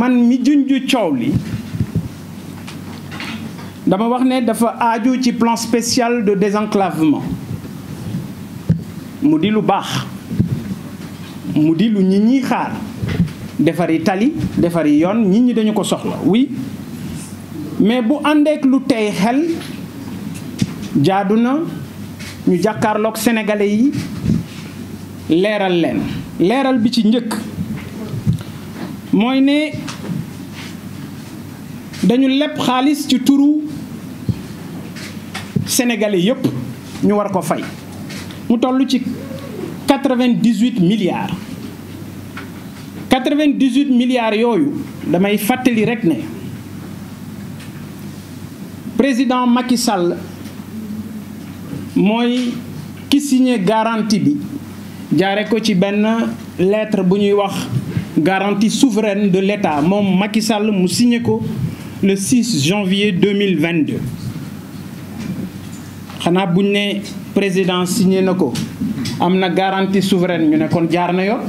man mi junj coow dama wax dafa aaju ci plan spécial de désenclavement mu di lu baax mu di lu ñi xaar defari tali defari yoon nit ñi dañu ko soxla oui mais bu àndeek lu tay xel jaaduna ñu jàkkaarloog sénégalais yi léral len léral bi ci njëkk mooy né dañu lepp xaliss ci turu sénégalais yépp ñu war ko fay mu tollu ci 98 milliards 98 milliards de damay fatali rek ne président Macky Sall moy ki signé garantie bi ko ci lettre bu garantie souveraine de l'État mon Makisal le 6 janvier 2022 Xana buñ le président signé nako amna garantie souveraine ñu ne kon jaar na yoon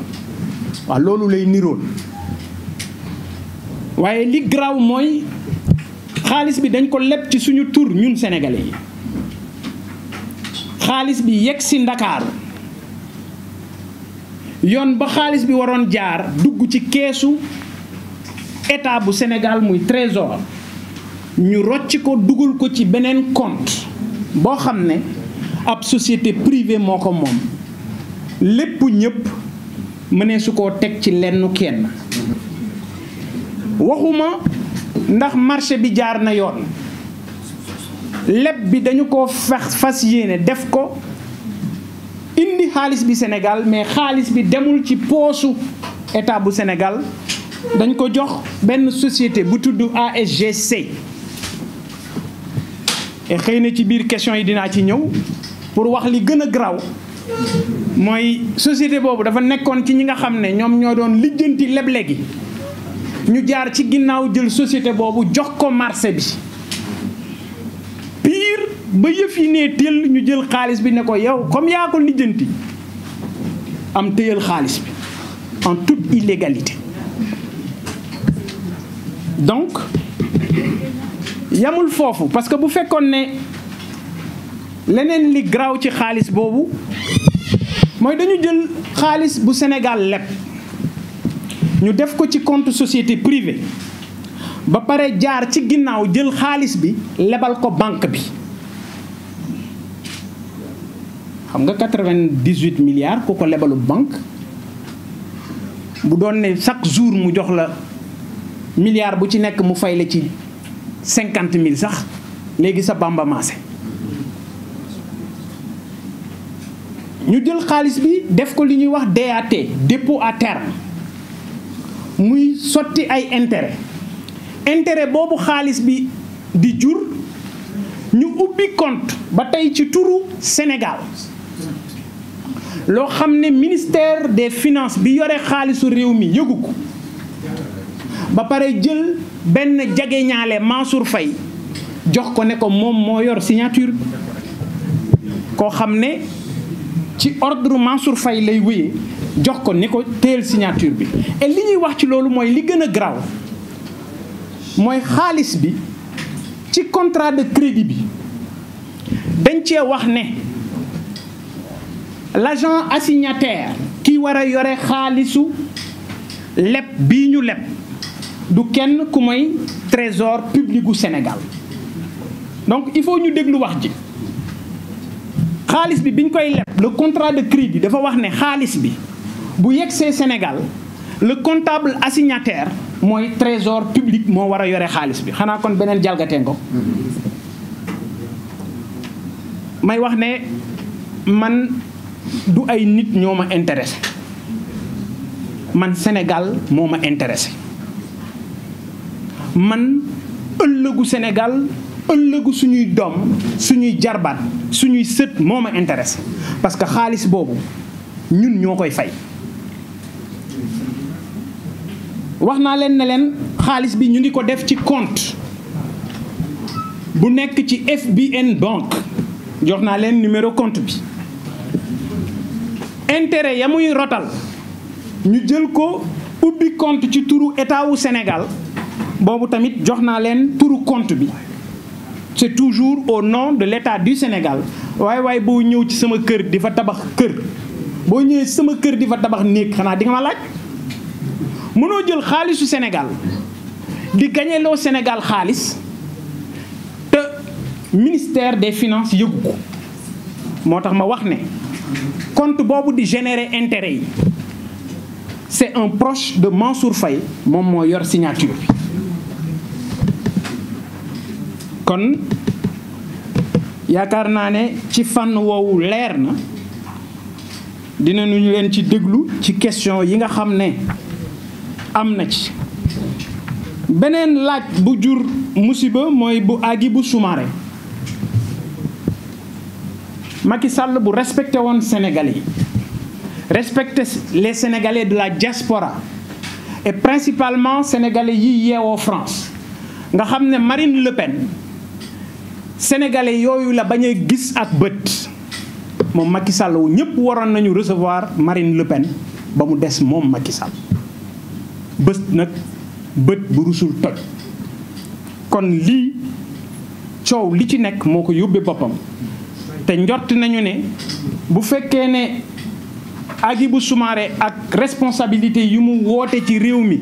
waaw loolu lay niroon waaye li graw moy xaalis bi dañ ko lepp ci suñu tour ñun sénégalais yi xaalis bi yegg dakar yoon ba xaalis bi waroon jaar dugg ci keesu état bu senegaal muy trésor ñu rocc ko dugal ko ci beneen compte boo xam ne ab société privée moo ko moom lépp ñëpp mënee su ko teg ci lenn kenn waxuma ndax marché bi jaar na yoon lépp bi dañu ko fex fas yéene def ko indi xaalis bi Sénégal mais xaalis bi demul ci poosu état bu Sénégal dañ ko jox benn société bu tudd ASGC. et xëy na ci biir question yi dinaa ci ñëw pour wax li gën a garaaw mooy société boobu dafa nekkoon ci ñi nga xam ne ñoom ñoo doon lijjanti leble gi ñu jaar ci ginnaaw jël société boobu jox ko marché bi. Si yëf yi ne vous ñu jël bi ne ko yow comme ko en toute illégalité donc yamul parce que vous faites ne leneen li graw ci dañu jël bu Sénégal ñu def ko ci compte société privée ba pare jaar ci jël bi ko banque xam nga 98 milliards ku ko lebalu banque bu doon ne chaque jour mu jox la milliard bu ci nekk mu fay la ci cinquante mille sax léegi sa bamba maase ñu jël xaalis bi def ko li ñuy wax DAT dépôt à terme muy sotti ay intérêt intérêt boobu xaalis bi di jur ñu ubbi compte ba tey ci turu Sénégal loo xam ne ministère des finance bi yore xaalisu réew mi yëgu ko ba pare jël benn jage ñaale fay jox ko ne ko moom moo yor signature koo xam ne ci ordre Mansour fay lay wéyee jox ko ni ko teel signature bi et li ñuy wax ci loolu mooy li gën a garaaw mooy xaalis bi ci contrat de crédit bi dañ cee wax ne l'agent assignataire qui wara yoré khalisou lepp leb bii ñu leb du kenn ku trésor public du Sénégal donc il faut ñu déglu wax ji khalis bi biñ koy leb le contrat de crédit dafa wax ne khalis bi bu yegsee Sénégal le comptable assignataire moy trésor public mo wara yoré khalis bi xana kon benen jalgatee may wax ne man du ay nit ñoo ma intéressé man Sénégal moo ma intéressé man ëllëgu Sénégal ëllëgu suñuy doom suñuy jarbaat suñuy sët moo ma intéressé parce que xaalis boobu ñun ñoo koy fay wax naa leen ne leen xaalis bi ñu ngi ko def ci compte bu nekk ci FBN banque jox naa leen numéro compte bi intérêt yamuy rotal ñu jël ko ubbi compte ci turu état wu Sénégal boobu tamit joxna len turu compte bi c'est toujours au nom de l'état du Sénégal way way bo ñew ci sama kër difa tabax kër boo ñëwee sama kër difa tabax nek xana di nga ma laaj mëno jël xaalisu Sénégal di lo Sénégal xaalis te ministère des finances yëgu ko motax ma wax ne compte bobu di générer intérêt c'est un proche de Mansour Faye mon mo yor signature kon yaakaar naa ne ci fan woowu leer na dinañu leen ci déglu ci question yi nga xamné amna ci benen laaj bu jur musiba moy bu agi bu Soumaré Macky Sall bu respecté won Sénégalais respecté les Sénégalais de la diaspora et principalement Sénégalais yi en France nga xamné Marine Le Pen Sénégalais yoyu la bañ a gis ak bët moom Macky Sall wu ñëpp waroon nañu recevoir Marine Le Pen ba mu des mom Macky Sall bés nak bët bu rusul toj kon li ciow li ci nek moko yobé bopam te njort nañu ne bu fekkee ne Hadjibou sumaré ak responsabilité yi mu woote ci réew mi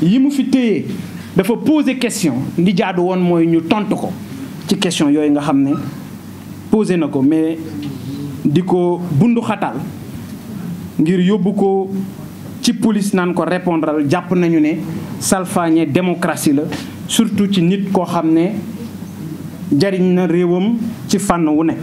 yi mu fi téye dafa poser question li jaadu woon mooy ñu tontu ko ci question yooyu nga xam ne posé na ko mais di ko bundu xatal ngir yóbbu ko ci police naan ko répondral jàpp nañu ne salfaañe démocratie la surtout ci nit koo xam ne jariñ na réewam ci fànn wu nekk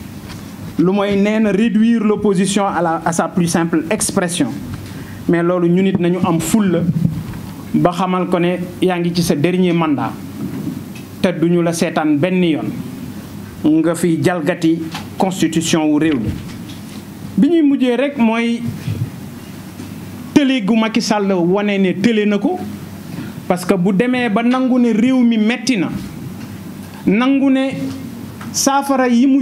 Le moyen nee réduire l'opposition à la à sa plus simple expression mais loolu ñu nit nañu am foule, ba xamal ko ne yaa ci sa dernier mandat te duñu la seetaan benn on nga fi jalgati constitution ou réel. mi bi ñuy mujjee rek mooy tële gu Macky Sall ne télé na parce que bu demeurez ba nangu ne mi metti na nangu ne saafara yi mu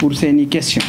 pour ces questions.